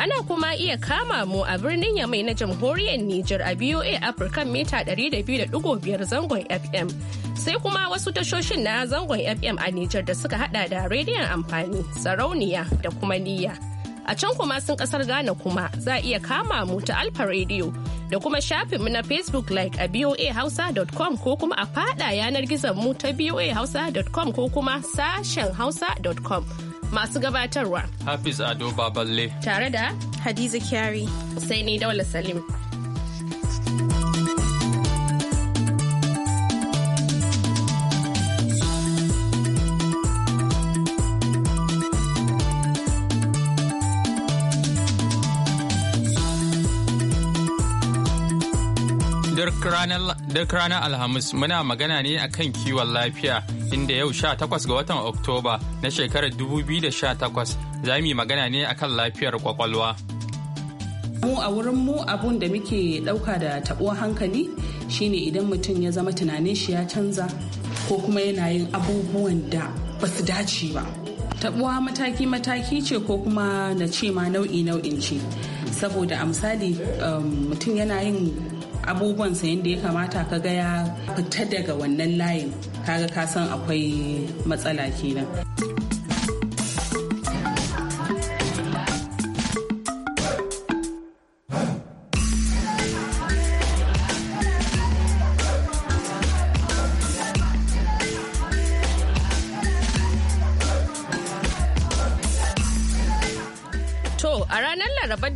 Ana kuma iya kama mu a birnin Yamai na jamhuriyar Nijar a BOA African mita 200.5 zangon FM. Sai kuma wasu tashoshin na zangon FM a Nijar da suka hada da rediyon amfani, sarauniya da kuma niyya. A can kuma sun kasar Ghana kuma za a iya kama mu ta Alfa Radio da kuma mu na Facebook like a boahausa.com ko kuma a fada yanar gizon mu ta boahausa.com ko kuma sashen hausa.com. Masu gabatarwa. Hafiz Ado Baballe. Tare da Hadiza Kyari. Sai ni Daula Salim. Duk ranar Alhamis muna magana ne akan kiwon lafiya inda yau sha 18 ga watan Oktoba na shekarar dubu 2018 za mu yi magana ne akan lafiyar kwakwalwa. Mu a wurin mu abun da muke ɗauka da taɓuwa hankali shine idan mutum ya zama tunanin shi ya canza ko kuma yana yin abubuwan da ba su dace ba. tabuwa mataki-mataki ce ko kuma na ce ma nau'i-nau'in ce. Saboda a misali um, mutum yana yin abubuwan sa yadda ya kamata ka ga ya fita daga wannan layin kaga ka san akwai matsala kenan.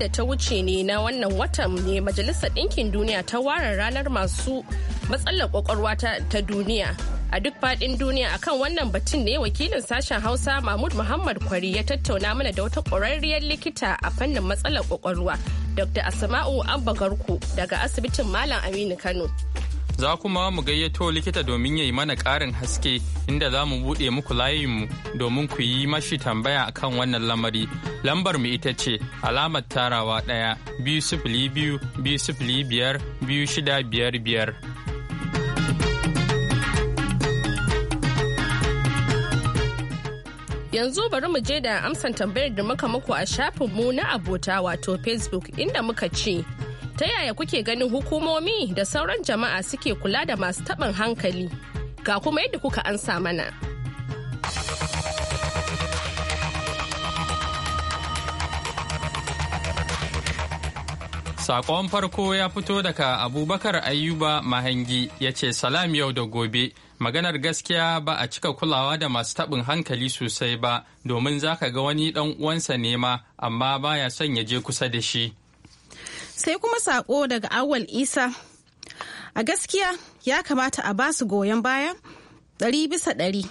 da ta wuce ne na wannan watan ne Majalisar Ɗinkin Duniya ta ware ranar masu matsalar kwakwalwa ta duniya. A duk faɗin duniya akan wannan batun ne wakilin sashen Hausa Mahmud Muhammad Kwari ya tattauna mana da wata ƙwararriyar likita a fannin matsalar kwakwalwa Dr. Asma'u Abba garku daga asibitin Malam Aminu Kano. Za kuma mu gayyato likita domin ya yi mana ƙarin haske inda za mu buɗe muku layinmu domin ku yi mashi tambaya akan wannan lamari. Lambar mu ita ce alamar tarawa ɗaya biyu sifili biyu biyu sifili biyar biyu shida biyar biyar. yanzu bari mu je da amsan tambayar da muka muku a shafinmu na abota wato facebook inda muka ce ta yaya kuke ganin hukumomi da sauran jama'a suke kula da masu taɓin hankali ga kuma yadda kuka ansa mana. Sakon farko ya fito daga Abubakar Ayuba Mahangi ya ce salam yau da gobe maganar gaskiya ba a cika kulawa da masu taɓin hankali sosai ba domin zaka ga wani ɗan uwansa nema amma baya son ya je kusa da shi. sai kuma sako daga awal isa a gaskiya ya kamata a ba su goyon baya ɗari bisa ɗari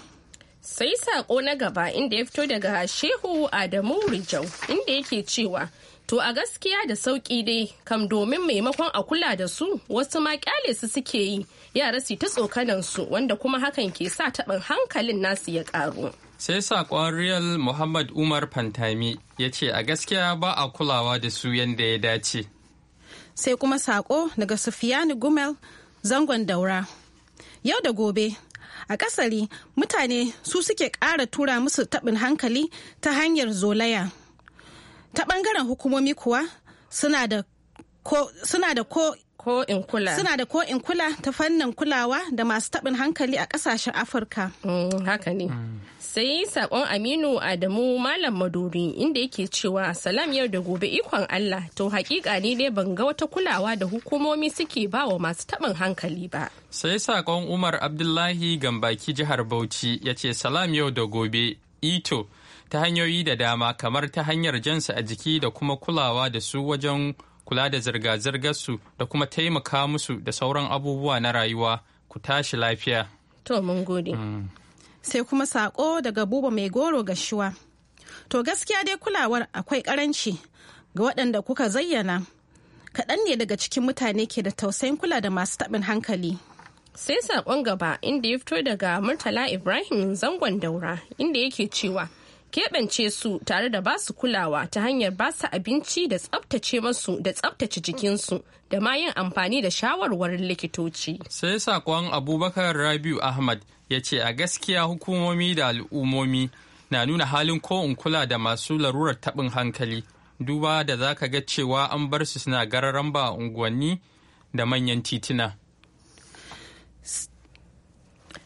sai sako na gaba inda ya fito daga shehu adamu rijau inda yake cewa to a gaskiya da sauƙi dai kam domin maimakon a kula da su wasu ma kyale su suke yi yara su ta tsokanan su wanda kuma hakan ke sa taɓin hankalin nasu ya ƙaru sai saƙon real muhammad umar fantami ya ce a gaskiya ba a kulawa da su yadda ya dace sai kuma sako daga sufiyani gumel zangon daura yau da gobe a kasari mutane su suke kara tura musu taɓin hankali ta hanyar zolaya ta ɓangaren hukumomi kuwa suna da ko ko in kula suna da ko in kula ta fannin kulawa da masu taɓin hankali a ƙasashen afirka mm, haka ne mm. sai sakon aminu adamu malam maduri inda yake cewa salam yau da gobe ikon allah to hakika ne dai ban ga wata kulawa da hukumomi suke ba wa masu taɓin hankali ba sai saƙon umar abdullahi gambaki jihar bauchi ya ce salam yau da gobe ito ta hanyoyi da dama kamar ta hanyar jansa a jiki da kuma kulawa da su wajen kula da zirga zirgar su da kuma taimaka musu da sauran abubuwa na rayuwa ku tashi lafiya. To mun gode. Mm. Sai kuma sako daga buba mai goro ga shuwa. To gaskiya dai kulawar akwai karanci ga waɗanda kuka zayyana. Kaɗan ne daga cikin mutane ke da tausayin kula da masu taɓin hankali. Sai saƙon gaba inda ya fito daga Murtala Ibrahim zangon daura inda yake cewa. keɓance su tare da ba su kulawa ta hanyar ba su abinci da tsabtace masu da tsabtace jikinsu da ma yin amfani da shawarwarin likitoci. Sai sakon Abubakar Rabiu Ahmad ya ce a gaskiya hukumomi da al'ummomi na nuna halin ko in kula da masu larurar taɓin hankali duba da za ka ga cewa an bar su suna gararan ba unguwanni da manyan tituna.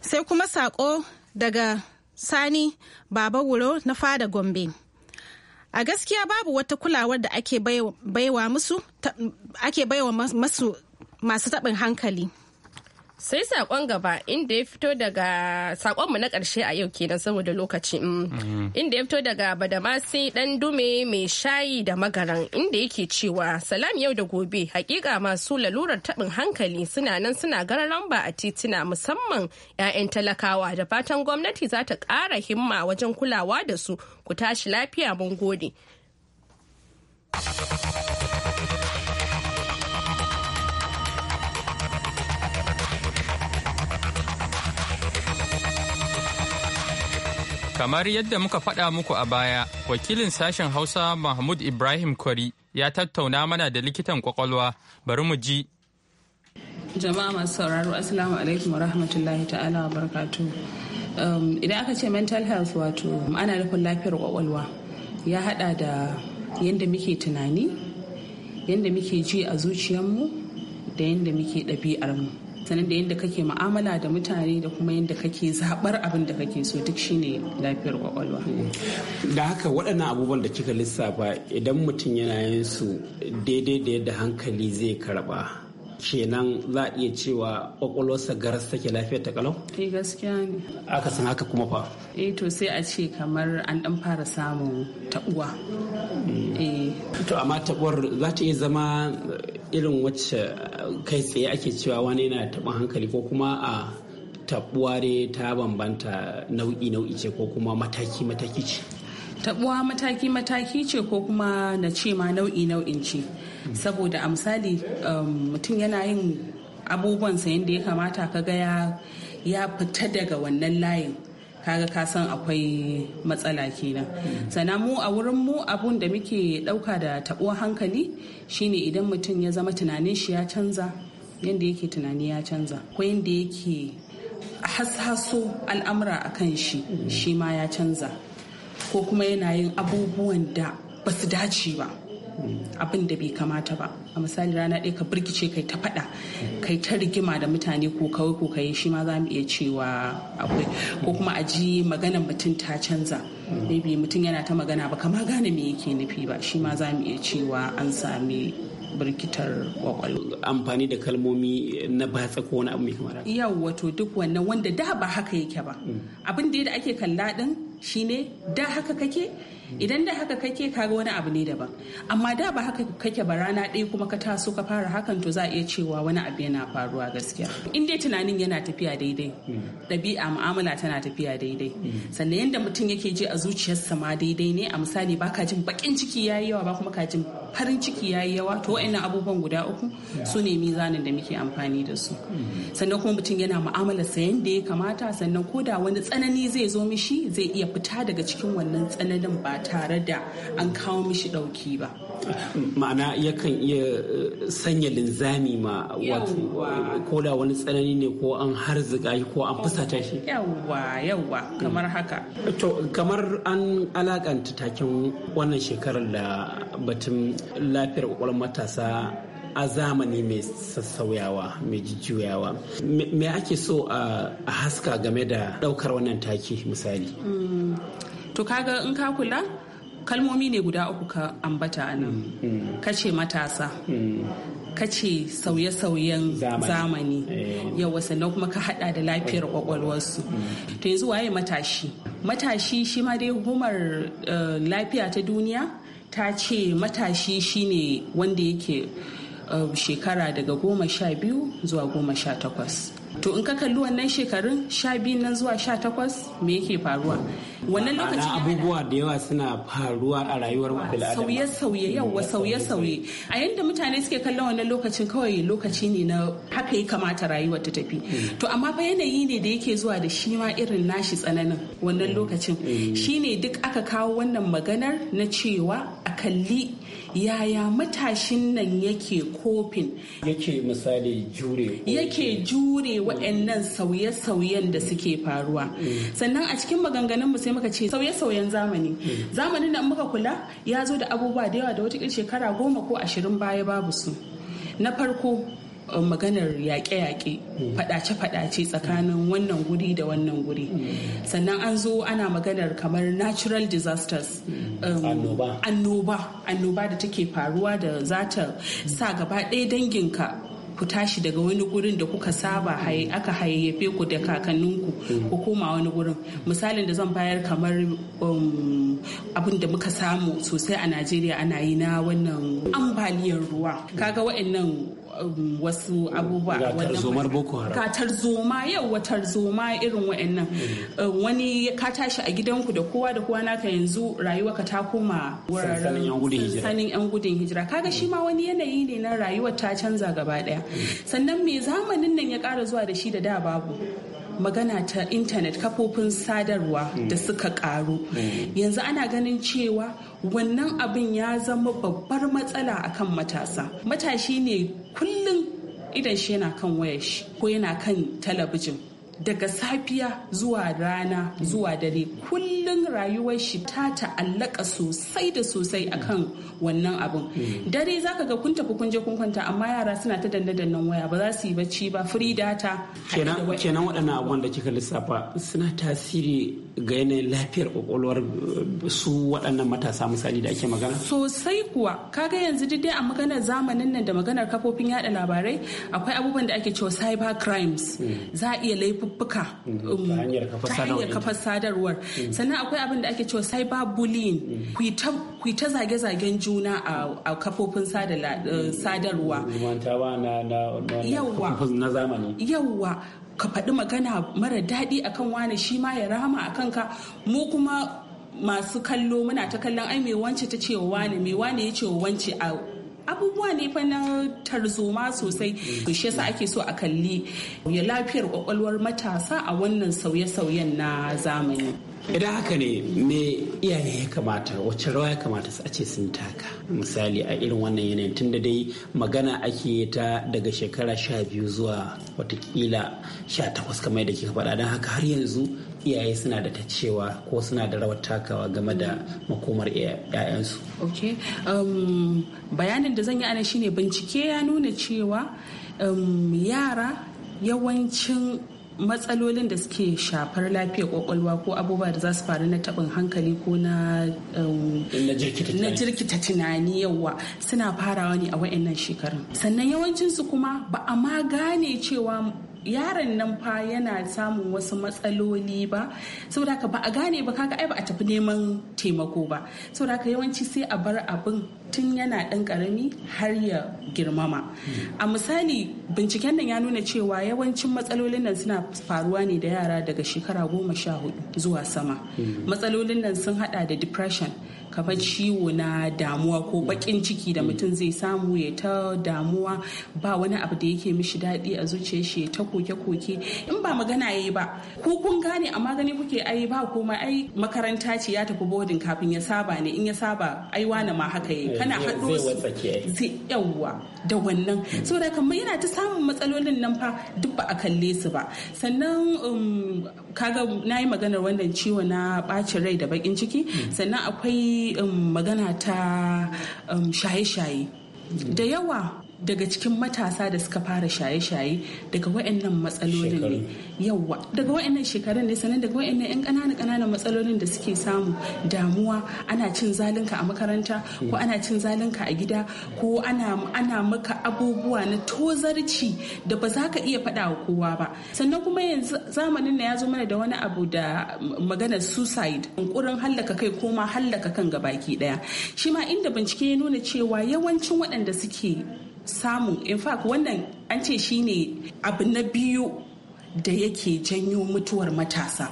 Sai kuma sako daga Sani Baba Wuro na fada Gombe. A gaskiya babu wata kulawar da ake baiwa masu taɓin hankali. sai sakon gaba inda ya fito daga sakon na karshe a yau kenan saboda lokaci mm. mhm. inda ya fito daga badamasi dan dume mai shayi da magaran inda yake cewa salam yau da gobe hakika masu lalurar tabin hankali suna nan suna gararan ba a titina musamman 'ya'yan talakawa da fatan gwamnati za ta ƙara himma wajen kulawa da su ku tashi lafiya mun gode. Kamar yadda muka faɗa muku a baya, wakilin sashen Hausa Mahmud Ibrahim Kwari ya tattauna mana da likitan kwakwalwa bari mu ji. Jama'a masu sauraro Assalamu alaikum wa rahmatullahi ta'ala wa barkatu. Um, idan aka ce mental health wato ana nufin lafiyar kwakwalwa ya haɗa da yadda muke tunani, yadda muke ji a zuciyarmu da yadda muke ɗabi'armu. sanin da yadda kake mu'amala da mutane da kuma yadda kake zaɓar abin da kake so duk shine lafiyar kwakwalwa da haka waɗannan abubuwan da kika lissafa idan mutum yana yin su daidai da yadda hankali zai karɓa kenan za a iya cewa kwakwalwarsa garas take lafiyar ta kalau? eh gaskiya ne aka san haka kuma fa eh to sai a ce kamar an dan fara samun tabuwa hmm. eh to amma tabuwar za ta iya zama irin wacce kai tsaye ake cewa wani yana taɓin hankali ko kuma a tabuwa ta bambanta nau'i nau'i ce ko kuma mataki mataki ce tabuwa mataki-mataki ce ko kuma na ce ma nau'i-nau'in ce saboda a misali um, mutum yana yin abubuwansa yadda ya kamata ka ga ya fita daga wannan layin kaga ka san akwai matsala kenan sannan mu a wurin mu abun da muke dauka da tabuwa hankali shine idan mutum ya zama tunanin shi ya canza yadda yake tunani ya canza ko yadda yake hasaso al'amura a kan shi shi ma ya canza ko kuma yana yin abubuwan da ba su dace ba abin da bai kamata ba a misali rana ɗaya ka birkice kai ta faɗa kai ta rigima da mutane ko kawai ko kai shi ma za mu iya cewa akwai ko kuma a ji maganar mutum ta canza maybe mutum yana ta magana ba kama gane me yake nufi ba shi ma za mu iya cewa an sami birkitar kwakwalwa. Amfani da kalmomi na batsa ko wani abu mai kamar Yau wato duk wannan wanda da ba haka yake ba. Mm. Abin da ake kalla din shine da haka kake idan da haka kake kaga wani abu ne daban amma da ba haka kake ba rana ɗaya kuma ka taso ka fara hakan to za a iya cewa wani abu yana faruwa gaskiya in dai tunanin yana tafiya daidai ɗabi'a mu'amala tana tafiya daidai sannan yadda mutum yake ji a zuciyarsa ma daidai ne a misali baka jin bakin ciki yayi yawa ba kuma ka jin harin ciki ya yi yawa to wa'annan abubuwan guda uku su ne mizanin da muke amfani da su sannan kuma mutum yana mu'amalar sa da ya kamata sannan ko da wani tsanani zai zo mishi zai iya fita daga cikin wannan tsananin ba tare da an kawo mishi ɗauki ba. ma'ana yakan iya eh, sanya linzami ma wato ko da wani tsanani ne ko an harzika shi ko an fusata shi yawwa yawwa kamar haka to kamar an alakanta taken wannan shekarar da batun lafiyar kwakwalwar matasa a zamani mai sassauyawa mai jujjuyawa me ake so a haska game da daukar wannan take misali mm. to kaga in ka kula kalmomi ne guda uku ka ambata nan mm, mm. kace matasa mm. kace ce sauye-sauyen zamani eh. yawa sannan kuma ka hada da lafiyar kwakwalwarsu oh. to yanzu waye matashi matashi shi ma dai hukumar eh, lafiya ta duniya ta ce matashi shine wanda yake eh, shekara daga goma sha biyu zuwa goma sha takwas to in ka kalli wannan shekarun sha biyu nan zuwa sha takwas me yake faruwa wannan lokacin abubuwa da yawa suna faruwa a rayuwar bil'adama sauye sauye yawa sauye sauye a yanda mutane suke kallon wannan lokacin kawai lokaci ne na haka ya kamata rayuwar ta tafi mm. to amma fa yanayi ne da yake zuwa da shi ma irin nashi tsananin wannan mm. lokacin mm. shine duk aka kawo wannan maganar na cewa a kalli yaya matashin nan yake kofin yake misali jure yake jure waɗannan sauye-sauyen da suke faruwa sannan a cikin maganganun mu sai muka ce sauye-sauyen zamani zamanin da muka kula ya zo da abubuwa da yawa da wata shekara goma ko ashirin baya babu su na farko um, maganar yaƙe-yaƙe faɗace-faɗace tsakanin wannan guri da wannan guri sannan an zo ana maganar kamar natural disasters um, annoba annoba da take faruwa da zata sa gaba ɗaya danginka ku tashi daga wani gurin da kuka saba aka hayayyafe ku da kakanninku ku koma wani gurin misalin da zan bayar kamar um, abin da muka samu sosai a najeriya ana yi na wannan ambaliyar ruwa kaga waɗannan wasu abubuwa katar zoma yau watar zoma irin wa'annan mm. uh, wani ka tashi a gidanku da kowa da kowa naka yanzu rayuwa ka ta koma wuraren yan gudun hijira kaga shi ma wani yanayi ne na rayuwa ta canza gaba daya mm. sannan me zamanin nan ya kara zuwa da shi da da babu magana ta intanet kafofin sadarwa mm. da suka karu yanzu ana ganin cewa wannan abin ya zama babbar matsala akan matasa matashi ne kullum idan shi yana kan waya shi ko yana kan talabijin daga safiya zuwa rana zuwa dare kullum rayuwar shi ta ta'allaka sosai da sosai akan wannan abin mm. dare ka ga kun tafi kun je kun kwanta amma yara suna ta danne dannan waya ba za su yi bacci ba free data kenan waɗannan abubuwan da kika lissafa suna tasiri ga yanayin lafiyar kwakwalwar uh, su waɗannan matasa misali da ake magana? Sosai kuwa kaga yanzu dai a maganar zamanin nan da maganar kafofin yada labarai akwai abubuwan da ake cewa cyber crimes hmm. za a iya laifuffuka hmm. um, ta hanyar kafar sadarwar hmm. sannan akwai abin da ake cewa cyber bullying kuita zage-zagen juna a kafofin uh, sadarwa yawwa ka faɗi magana mara daɗi akan wani shi ma ya rama a kanka mu kuma masu kallo muna ta kallon ai me wance ta ce wa wane me wane ya ce wance a abubuwa ne fa na tarzoma sosai to shi yasa ake so a kalli ya lafiyar kwakwalwar matasa a wannan sauye-sauyen na zamani idan haka ne me iyaye ya kamata wacce rawa ya kamata su a ce sun taka misali a irin wannan yanayin tunda dai magana ake ta daga shekara sha biyu zuwa watakila sha takwas kamar yadda kika faɗa don haka har yanzu iyaye suna da ta cewa ko suna da rawar takawa game da makomar 'ya'yansu. ok um, bayanin da zan yi ana shine bincike ya nuna cewa um, yara yawancin matsalolin da suke shafar lafiyar kwakwalwa ko abubuwa da za su faru na tabin hankali ko na um, jirkita tunani yawa suna farawa ne a wayannan shekarun sannan yawancinsu kuma ba a ma gane cewa yaron nan fa yana samun wasu matsaloli ba saboda haka ba a gane ba kaga ai ba a tafi neman taimako ba saboda haka yawanci sai a bar abin tun yana dan karami har ya girmama a misali binciken nan ya nuna cewa yawancin matsalolin nan suna faruwa ne da yara daga shekara goma sha hudu zuwa sama hmm. matsalolin nan sun hada da depression kamar ciwo na damuwa ko bakin ciki da mutum zai samu ya ta damuwa ba wani abu da yake mishi daɗi a zuciyar shi ta koke-koke in ba magana yayi ba ko kun gane amma gani kuke ai ba kuma ai makaranta ce ya tafi boarding kafin ya saba ne in ya saba ai wani ma haka yayi kana haɗo zai yawwa da wannan saboda kamar yana ta samun matsalolin nan fa duk ba a kalle su ba sannan um, kaga na yi maganar wannan ciwo na ɓacin rai da bakin ciki mm. sannan akwai Um, magana ta um, shaye-shaye da yawa daga cikin matasa da suka fara shaye-shaye daga wa'annan matsalolin ne yawa daga wa'annan shekarun ne sannan daga wa'annan yan ƙananan ƙananan matsalolin da suke samu damuwa ana cin zalinka a makaranta ko hmm. ana cin zalinka a gida ko ana ana maka abubuwa na tozarci da ba za ka iya faɗa wa kowa ba sannan kuma yanzu zamanin na ya zo mana da wani abu da maganar suicide yunkurin hallaka kai ko ma hallaka kan gabaki daya shi ma inda bincike ya nuna cewa yawancin waɗanda suke samun in fact wannan an ce shine abu na biyu da yake janyo mutuwar matasa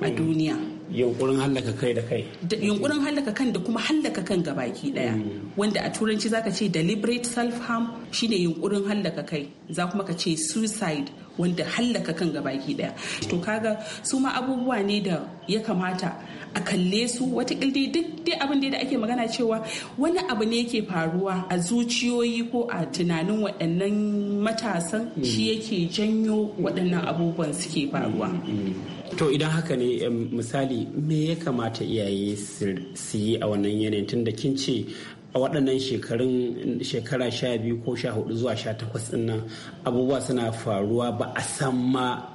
a hmm. duniya yunkurin hallaka kai da kai yunkurin hallaka kan da kuma hallaka kan gabaki daya hmm. wanda a turanci zaka ce deliberate self harm shine yunkurin hallaka kai za kuma ka ce suicide wanda hallaka kan gabaki daya to kaga su ma abubuwa ne da ya kamata a kalle su wata dai duk dai abin da ake magana cewa wani abu ne yake faruwa a zuciyoyi ko a tunanin waɗannan matasan mm. shi yake janyo waɗannan abubuwan suke faruwa mm. Mm. to idan haka ne misali me ya kamata iyaye su yi a wannan yanayin tunda kin ce a waɗannan shekarun shekara sha biyu ko sha hudu zuwa sha takwas nan abubuwa suna faruwa ba a san ma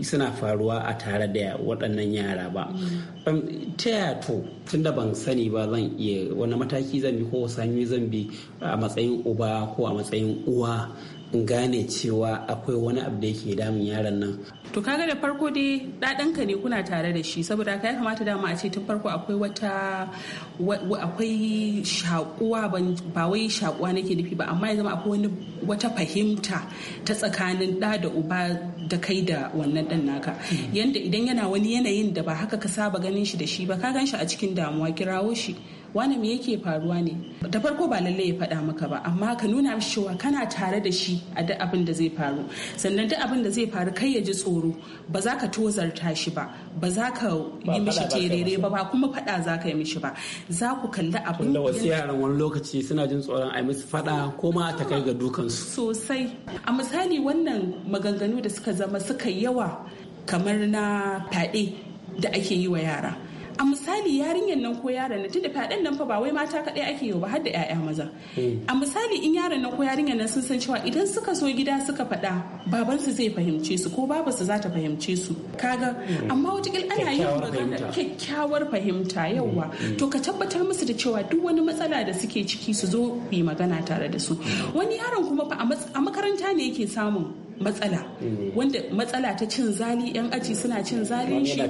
suna faruwa a tare da waɗannan yara ba ta yaya to tunda ban sani ba zan iya wani mataki zan bi ko wasu zan bi a matsayin uba ko a matsayin uwa in gane cewa akwai wani abu da yake damun yaron nan to kaga da farko dai ɗaɗanka ne kuna tare da shi saboda ka ya kamata dama a ce tun farko akwai wata akwai shakuwa ba wai shakuwa nake nufi ba amma ya zama akwai wani wata fahimta ta tsakanin ɗa da uba da kai da wannan ɗan naka yanda idan yana wani yanayin da ba haka ka saba ganin shi da shi ba ka gan shi a cikin damuwa kirawo shi wani me yake faruwa ne da farko ba lallai ya faɗa maka ba amma ka nuna mishi cewa kana tare da shi a duk abin da zai faru sannan duk abin da zai faru kai ya ji tsoro ba za ka tozarta shi ba ba za ka yi mishi terere ba ba kuma faɗa za ka yi mishi ba za ku kalli abin da wasu yaran wani lokaci suna jin tsoron a yi musu faɗa ko ma ta kai ga dukansu sosai a misali wannan maganganu da suka zama suka yawa kamar na fyaɗe da ake yi wa yara a misali yarinyar nan ko yaron nan tunda fyaɗen nan fa ba wai mata kaɗai ake yi ba har da 'ya'ya maza hmm. a misali in yaron nan ko yarinyar nan sun san cewa idan suka so gida suka faɗa babansu zai fahimce su ko babansu za ta fahimce su kaga hmm. amma kil ana yin magana kyakkyawar fahimta yawa hmm. to ka tabbatar musu da cewa duk wani matsala da suke ciki su zo yi magana tare da su wani yaron kuma fa a makaranta ne yake samun matsala eh. wanda matsala ta cin zali yan aji suna cin zalin shi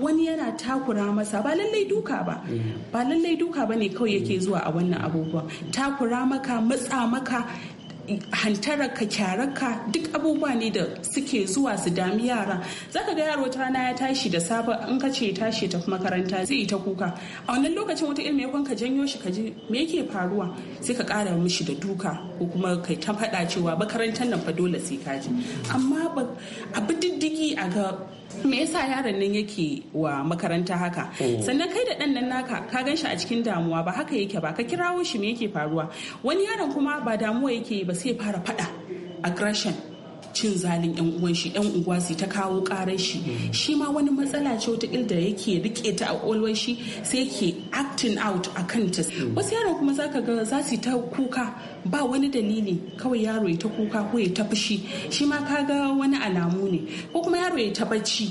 wani yana takura masa ba lallai duka ba eh. ba lallai duka ba ne kawai yake zuwa a wannan abubuwan takura maka matsa maka hantararka kyararka duk abubuwa ne da suke zuwa su dami yara zaka ga yaro ta rana ya tashi da safe in ka ce tashi tafi makaranta zai yi ta kuka a wannan lokacin wata ilmi ya ka janyo shi ka ji me yake faruwa sai ka kara mishi da duka ko kuma kai ta faɗa cewa makarantar nan fa dole sai ka ji amma abu diddigi a ga me yasa yaron nan yake wa makaranta haka mm. sannan kai da dan nan naka ka gan shi a cikin damuwa ba haka yake ba ka kirawo shi me yake faruwa wani yaron kuma ba damuwa yake ba sai fara fada aggression cin zalin yan uwan shi yan unguwa su ta kawo karar shi mm. shi ma wani matsala ce wata da yake rike ta a kwalwar shi sai ke acting out a kan ta mm. wasu yaro kuma za ka ga za su ta kuka ba wani dalili kawai yaro ya ta kuka ko ya ta fushi shi ma ka ga wani alamu ne ko kuma yaro ya ta bacci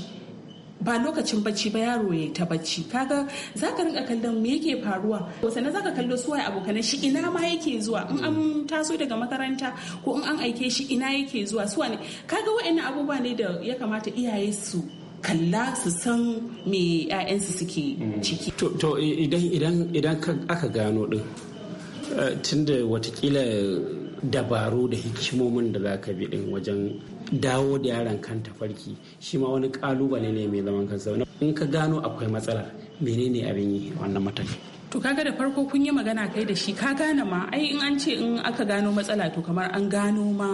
ba lokacin bacci ba yaro ya ta bacci kaga za ka rinka kallon me yake faruwa sannan za ka kallo suwaye abokanan shi ina ma yake zuwa in an taso daga makaranta ko in an aike shi ina yake zuwa suwa ne kaga wa'annan abubuwa ne da ya kamata iyaye su kalla su san me 'ya'yansu suke ciki to idan aka gano din eh, tunda watakila dabaru da hikimomin da za ka bi din wajen dawo da yaron kan tafarki shi ma wani kalubale ne mai zaman kansa in ka gano akwai matsalar menene abin yi wannan matafi to kaga da farko kun yi magana kai da shi ka gane ma ai in an ce in aka gano matsala to kamar an gano ma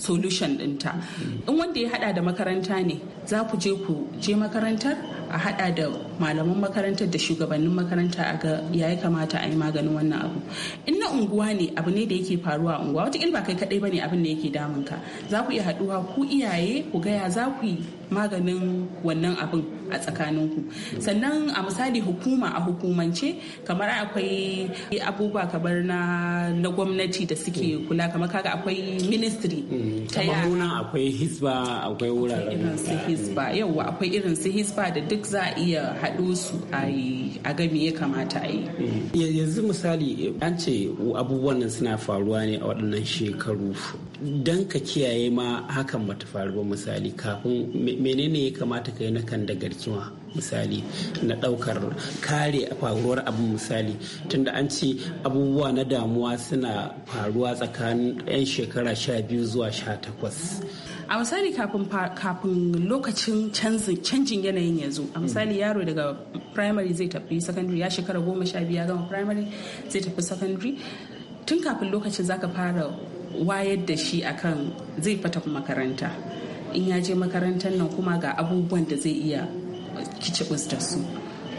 solution dinta mm. in wanda ya hada da makaranta ne za ku je ku je makarantar a hada da malaman makarantar da shugabannin makaranta a ga ya kamata a yi maganin wannan abu in na unguwa ne abu ne da yake faruwa a unguwa wataƙil ba kai kaɗai bane abin da yake damun ka za ku iya haɗuwa ku iyaye ku gaya za ku yi maganin wannan abin a tsakanin ku sannan a misali hukuma a hukumance kamar akwai abubuwa kamar na na gwamnati da suke mm. kula kamar kaga akwai ministry mm. ta yara akwai hisba akwai wuraren hisba yauwa akwai irin su hisba da duk duk za a iya haɗo su a ga ya kamata a yi yanzu misali an ce abubuwan nan suna faruwa ne a waɗannan shekaru Dan ka kiyaye ma hakan bata faru ba misali kafin menene ya kamata ka yi na kan da garkima misali na ɗaukar kare faruwar abin misali tunda an ce abubuwa na damuwa suna faruwa tsakanin 'yan shekara 12 zuwa 18 a misali kafin lokacin canjin yanayin ya zo a hmm. misali yaro daga primary zai tafi secondary ya shekara goma sha biyu ya gama primary zai tafi secondary tun kafin lokacin zaka fara wayar da shi akan zai fata makaranta in ya je makarantar nan kuma ga abubuwan da zai iya kicibus da su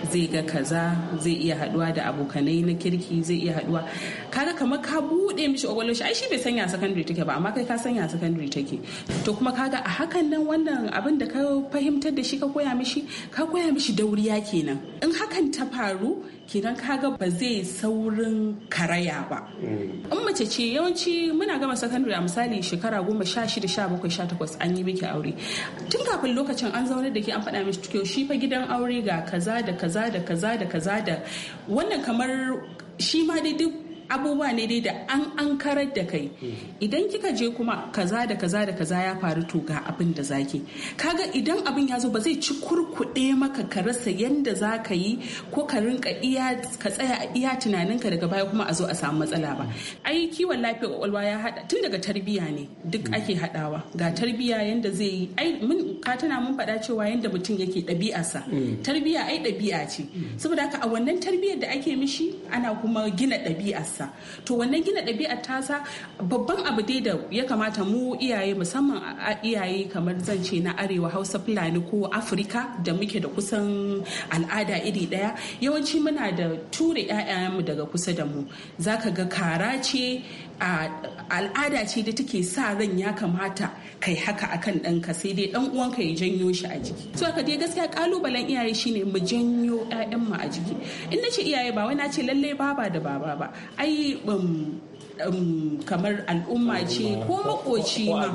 zai ga kaza zai iya haduwa da abokanai na kirki zai iya haduwa kaga kamar ka bude mishi ogwalo shi ai shi bai sanya secondary take ba amma kai ka sanya secondary take to kuma kaga a hakan nan wannan abin da ka fahimtar da shi ka koya mishi ka koya mishi dauriya kenan in hakan ta faru kenan kaga ba zai saurin karaya ba mm. in mace ce yawanci muna gama sakandare a misali shekara goma sha shida sha bakwai sha takwas an yi miki aure tun kafin lokacin an zaune da ke an faɗa mishi to shi fa gidan aure ga kaza da kaza da kaza da kaza da wannan kamar shi ma dai duk abubuwa ne dai da an an karar da kai mm-hmm. idan kika je kuma kaza da kaza da kaza ya faru to ga abin da zaki kaga idan abin ya zo ba zai ci kurkuɗe maka ka rasa yanda za ka yi ko ka rinka iya ka tsaya a iya tunaninka daga baya kuma a zo a samu matsala ba mm-hmm. ai kiwon lafiyar kwakwalwa ya hada tun daga tarbiyya ne duk mm-hmm. ake hadawa ga tarbiya yanda zai yi ai mun ka tana mun faɗa cewa yanda mutum yake ɗabi'arsa tarbiya ai ɗabi'a ce saboda haka a wannan tarbiyar da ake mishi ana kuma gina ɗabi'arsa to wannan gina ɗabi'ar tasa babban abu dai da ya kamata mu iyaye musamman a iyaye kamar zan ce na arewa hausa fulani ko afirka da muke da kusan al'ada iri ɗaya yawanci muna da ture mu daga kusa da mu zaka ga kara ce al'ada ce da take sa ran ya kamata kai haka akan ɗanka sai dai ɗan uwanka ya janyo shi a jiki to haka dai gaskiya kalubalen iyaye shine mu janyo 'ya'yanmu a jiki in na ce iyaye ba wai na ce lallai baba da baba ba ai ai Um, kamar al'umma ce ko makoci ko a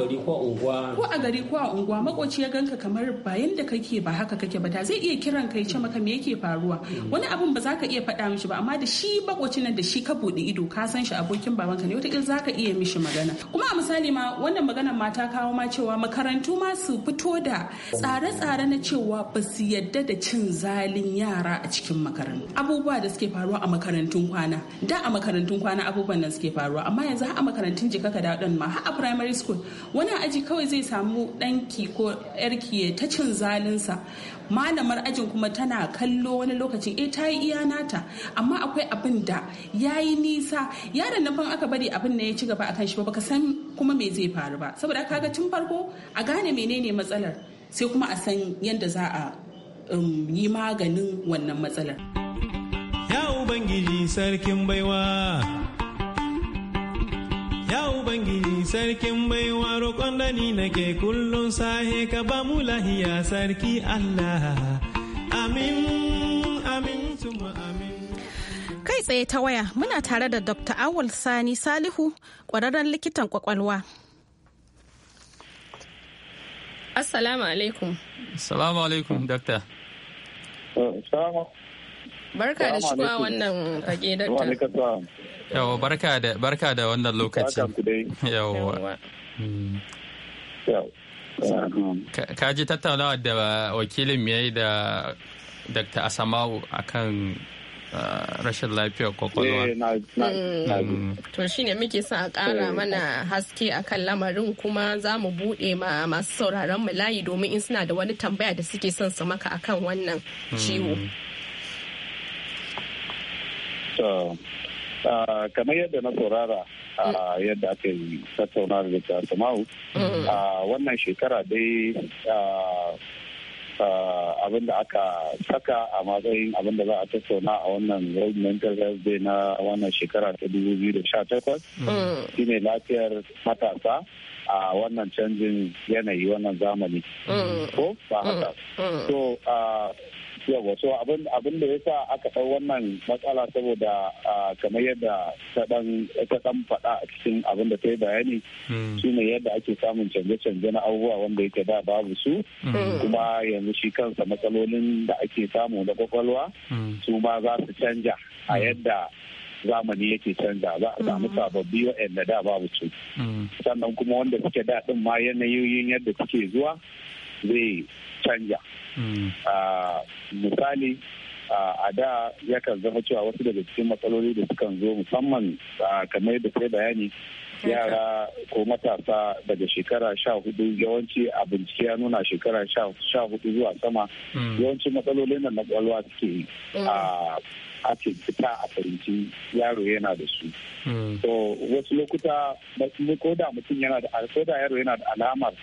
gari ko a unguwa makoci ya ganka kamar bayan da kake ba haka kake ba ta zai iya kiran kai ce maka me yake faruwa mm. wani abun ba za ka iya faɗa mishi ba amma da shi makoci nan da shi ka buɗe ido ka san shi abokin babanka ne wata za ka iya mishi magana kuma a misali ma wannan magana ma ta kawo ma cewa makarantu ma su fito da tsare-tsare na cewa ba su yadda da cin zalin yara a cikin makarantu abubuwa da suke faruwa a makarantun kwana da a makarantun kwana abubuwan nan suke faruwa koyarwa amma yanzu a makarantun jika ka daɗin ma a primary school wani aji kawai zai samu ɗanki ko yarki ya ta cin zalinsa malamar ajin kuma tana kallo wani lokacin eh ta yi iya nata amma akwai abin da ya yi nisa yaron na fan aka bari abin da ya ci gaba a kan shi ba baka san kuma me zai faru ba saboda kaga tun farko a gane menene matsalar sai kuma a san yadda za a um, yi maganin wannan matsalar ya ubangiji sarkin baiwa Ya Ubangiji sarkin baiwa roƙon da ni nake kullum sahe ka ba mu lahiya sarki Allah. Amin, amin, tuma amin. Kai tsaye ta waya muna tare da Dr. Awul Sani Salihu, ƙwararren likitan ƙwaƙwalwa. Assalamu alaikum. Assalamu alaikum, Dokta. Barka da shigowa wannan fage barka da wannan lokaci. Ka ji tattaunawa da wakilin mu yayi da Dr. Asamau akan uh, rashin lafiyar kwakwalwa. Eh, mm. To shi ne muke sa a ƙara eh. mana haske a kan lamarin kuma za mu buɗe ma masu sauraron mu layi domin in suna da wani tambaya da suke son su maka akan wannan mm. ciwo. Uh, kamar yadda na saurara a uh, yadda aka yi tattauna da ta mm. uh, wannan shekara dai abin da aka saka a matsayin abin da za a tattauna a wannan world mental health day na wannan shekara ta 2018 mm. shine lafiyar matasa a wannan canjin yanayi wannan zamani mm. ko ba haka yawa so abin da ya sa aka ɗau wannan matsala saboda kamar yadda ta ɗan faɗa a cikin abin da ta yi bayani hmm. su ne yadda ake samun canje-canje na abubuwa wanda yake da babu su hmm. kuma yanzu shi kansa matsalolin da ake samu na kwakwalwa hmm. su ma za su canja a yadda zamani yake canja za a samu sababbi waɗanda da babu su sannan kuma wanda suke daɗin ma yanayoyin yadda suke zuwa zai canja hmm. misali a da yakan zama cewa wasu daga cikin matsaloli da sukan zo musamman kamar yadda sai bayani yara ko matasa daga shekara sha hudu yawanci a bincike ya nuna shekara sha hudu zuwa sama hmm. yawancin matsalolin na matsalwa suke eh. ake fita a farinci yaro yana da su. To hmm. wasu lokuta ko da mutum yana da yana da alamar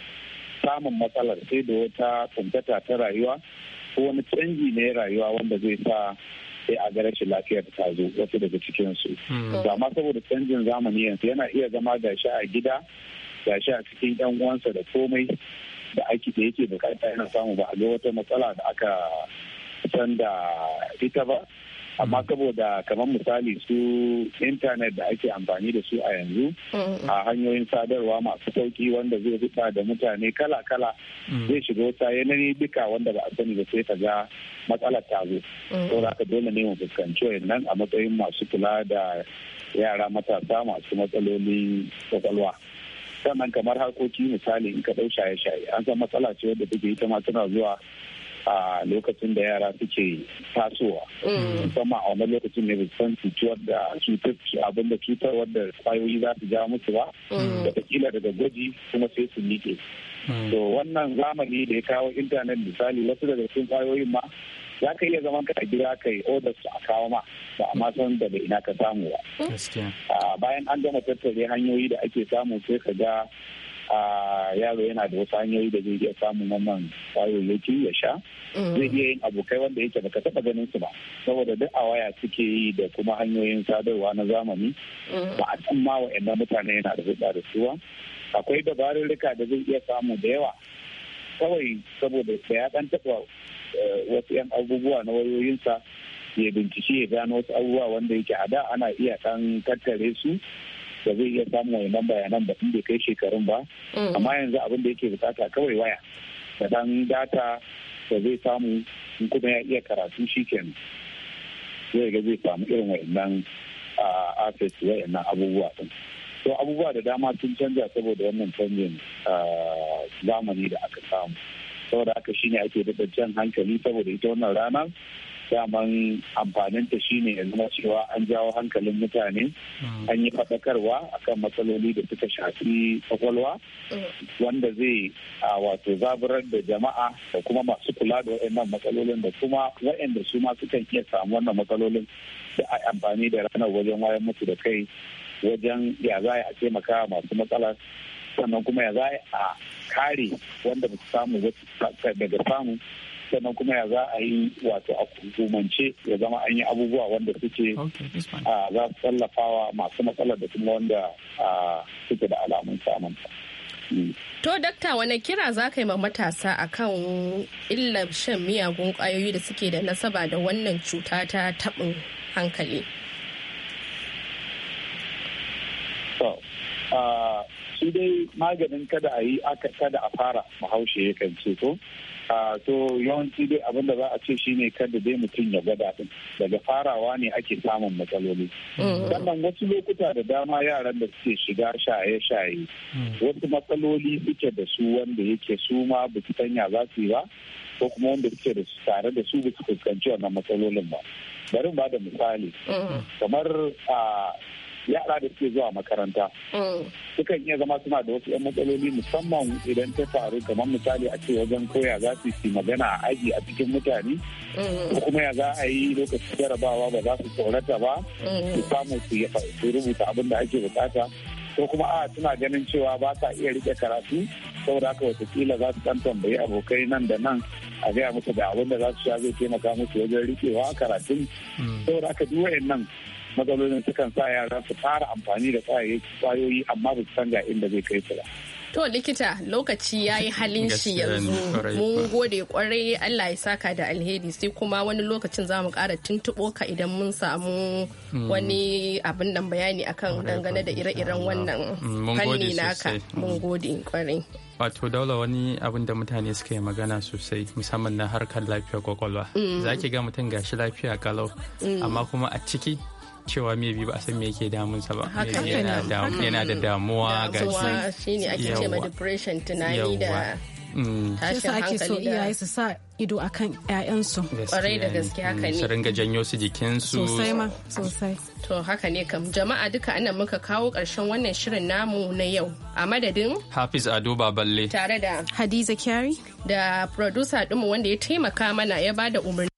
samun matsalar sai da wata kuntata ta rayuwa ko wani canji ne rayuwa wanda zai sa sai a ga rashin lafiyar ta zo wasu daga cikinsu. Hmm. ma saboda canjin zamani yanzu yana iya zama gashi a gida gashi a cikin 'yan uwansa da komai da aiki da yake bukata yana samu ba a ga wata matsala da aka san da ita ba amma saboda kamar misali su intanet da ake amfani da su a yanzu a hanyoyin sadarwa masu sauki wanda zai zuba da mutane kala-kala mm. zai shiga wata yanayi duka wanda ba a sani ba sai ka ga matsalar ta zo to mm. ka dole ne mu fuskanci wayannan a matsayin masu kula da yara matasa masu matsalolin kwakwalwa sannan kamar harkoki misali in ka ɗau shaye-shaye an san matsala ce wadda take ita ma tana zuwa a lokacin da yara suke tasowa mm. musamman a wani lokacin ne san cutuwar da cutar abin da cutar wadda kwayoyi za su ja musu ba mm. kila daga gwaji kuma sai su miƙe mm. to wannan zamani da ya kawo intanet misali wasu daga cikin kwayoyin ma za ka iya zaman ka a gida ka yi odar a kawo ma ba a san daga ina ka samu ba bayan an gama tattare hanyoyi da ake samu sai ka ga yaro yana da wasu hanyoyi da zai iya samun wannan kayayyaki ya sha mm. zai iya yin abokai wanda yake baka taba ganin su ba saboda duk a waya suke yi da kuma hanyoyin sadarwa na zamani mm. ba a san ma wa'annan mutane yana da hulɗa da suwa akwai dabarun rika da zai iya samu da yawa kawai saboda da ya dan taba eh, wasu 'yan abubuwa na wayoyinsa ya bincike ya gano wasu abubuwa wanda yake a da ana iya dan tattare su da zai iya samun wannan bayanan ba tun bai kai shekarun ba mm. amma yanzu abin da yake bukata kawai waya da dan data da zai samu in kuma ya iya karatu shiken. zai ga zai samu irin wayannan asis wayannan abubuwa din to abubuwa da dama sun canja saboda wannan canjin zamani da aka samu saboda haka shine ake daɗa jan hankali saboda ita wannan rana. daman amfaninta shine ya zama cewa an jawo hankalin mutane mm. an yi faɗakarwa akan matsaloli da suka shafi kwakwalwa mm. wanda zai a wato zaburar da jama'a da kuma masu kula da waannan matsalolin da kuma waɗanda su ma sukan iya samu wannan matsalolin da a amfani da ranar wajen wayan mutu da kai wajen ya za a taimaka masu matsalar sannan kuma ya za a kare wanda ba su samu daga samu sannan kuma ya za a yi wato a hukumance ya zama an yi abubuwa wanda suke ah, za su tallafawa masu matsalar da kuma wanda ah, suke da alamun samunta. Hmm. To dakta wani kira za ka yi ma matasa kan illar shan miyagun kwayoyi da suke da nasaba da wannan cuta ta taɓin hankali? Ah, shi dai maganin kada a yi aka kada a fara mahaushe yakan ce to to yawanci dai abin da za a ce shine kada dai mutum ya gwada din daga farawa ne ake samun matsaloli mm. sannan wasu lokuta da dama yaran da suke shiga shaye-shaye mm. wasu matsaloli suke da su wanda yake su ma ba su sanya za su yi ba ko kuma wanda suke da su tare da su ba su fuskanci wannan matsalolin ba bari ba da misali mm. kamar a yara da suke zuwa makaranta mm. sukan iya zama suna da wasu 'yan matsaloli musamman idan ta faru kamar misali a ce wajen koya za su yi magana a aji a cikin mutane mm. ko kuma ya za a yi lokacin jarabawa ba za su tsorata ba mm. su samu su rubuta abin da ake bukata ko kuma a suna ganin cewa ba sa iya rike karatu saboda haka watakila za su dan tambayi abokai nan da nan a gaya musu da abin da za su sha zai taimaka musu wajen rikewa karatun saboda haka duk nan. matsalolin sukan sa yara su fara amfani da kwayoyi amma ba san ga inda zai kai su ba. To likita lokaci ya yi halin shi yanzu mun gode kwarai Allah ya saka da alheri sai kuma wani lokacin za mu kara tuntubo ka idan mun samu hmm. wani abin nan bayani akan dangane da ire-iren wannan hmm, fanni naka mun hmm. gode kwarai. wato daula wani abin da mutane suka yi magana sosai musamman na harkar lafiyar kwakwalwa za ki ga mutum gashi lafiya kalau amma kuma a ciki cewa maybe ba a san me yake damunsa ba yana da damuwa ga shi shine ake ce ma depression tunani da mm. tashin hankali da so iyaye su sa ido akan ƴaƴansu kwarai da gaske haka mm, ne su ringa janyo su jikinsu sosai ma sosai to haka ne kam jama'a duka anan muka kawo ƙarshen wannan shirin namu na yau a madadin hafiz ado baballe tare da hadiza kyari da producer ɗinmu wanda ya taimaka mana ya bada umarni